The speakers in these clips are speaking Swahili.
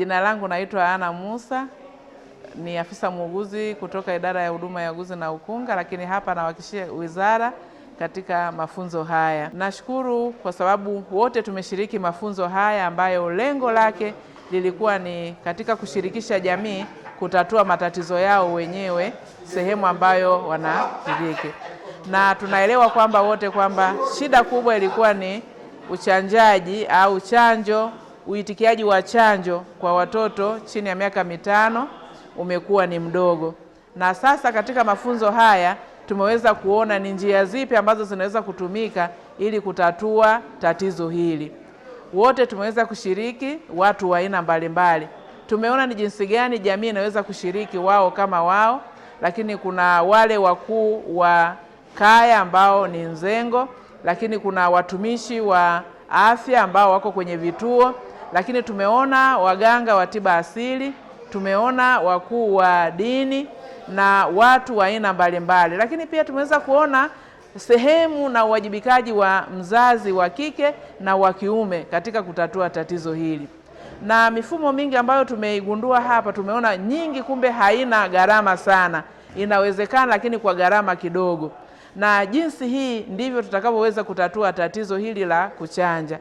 Jina langu naitwa Ana Musa, ni afisa muuguzi kutoka idara ya huduma ya uguzi na ukunga, lakini hapa nawakishia wizara katika mafunzo haya. Nashukuru kwa sababu wote tumeshiriki mafunzo haya ambayo lengo lake lilikuwa ni katika kushirikisha jamii kutatua matatizo yao wenyewe sehemu ambayo wanashiriki, na tunaelewa kwamba wote kwamba shida kubwa ilikuwa ni uchanjaji au chanjo uitikiaji wa chanjo kwa watoto chini ya miaka mitano umekuwa ni mdogo, na sasa katika mafunzo haya tumeweza kuona ni njia zipi ambazo zinaweza kutumika ili kutatua tatizo hili. Wote tumeweza kushiriki watu wa aina mbalimbali. Tumeona ni jinsi gani jamii inaweza kushiriki wao kama wao, lakini kuna wale wakuu wa kaya ambao ni Nzengo, lakini kuna watumishi wa afya ambao wako kwenye vituo lakini tumeona waganga wa tiba asili, tumeona wakuu wa dini na watu wa aina mbalimbali, lakini pia tumeweza kuona sehemu na uwajibikaji wa mzazi wa kike na wa kiume katika kutatua tatizo hili na mifumo mingi ambayo tumeigundua hapa, tumeona nyingi, kumbe haina gharama sana, inawezekana, lakini kwa gharama kidogo. Na jinsi hii ndivyo tutakavyoweza kutatua tatizo hili la kuchanja.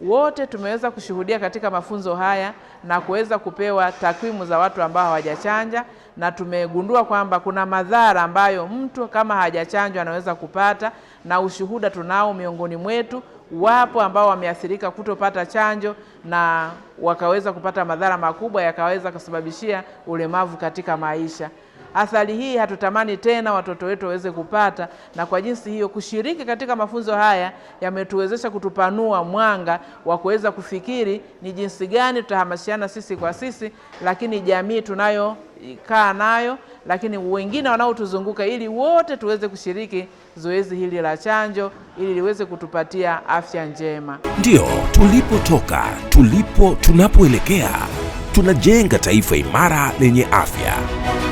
Wote tumeweza kushuhudia katika mafunzo haya na kuweza kupewa takwimu za watu ambao hawajachanja, na tumegundua kwamba kuna madhara ambayo mtu kama hajachanjwa anaweza kupata, na ushuhuda tunao miongoni mwetu wapo ambao wameathirika kutopata chanjo na wakaweza kupata madhara makubwa yakaweza kusababishia ulemavu katika maisha. Athari hii hatutamani tena watoto wetu waweze kupata, na kwa jinsi hiyo kushiriki katika mafunzo haya yametuwezesha kutupanua mwanga wa kuweza kufikiri ni jinsi gani tutahamasishana sisi kwa sisi, lakini jamii tunayokaa nayo, lakini wengine wanaotuzunguka, ili wote tuweze kushiriki zoezi hili la chanjo ili liweze kutupatia afya njema. Ndio tulipotoka, tulipo, tunapoelekea tunajenga taifa imara lenye afya.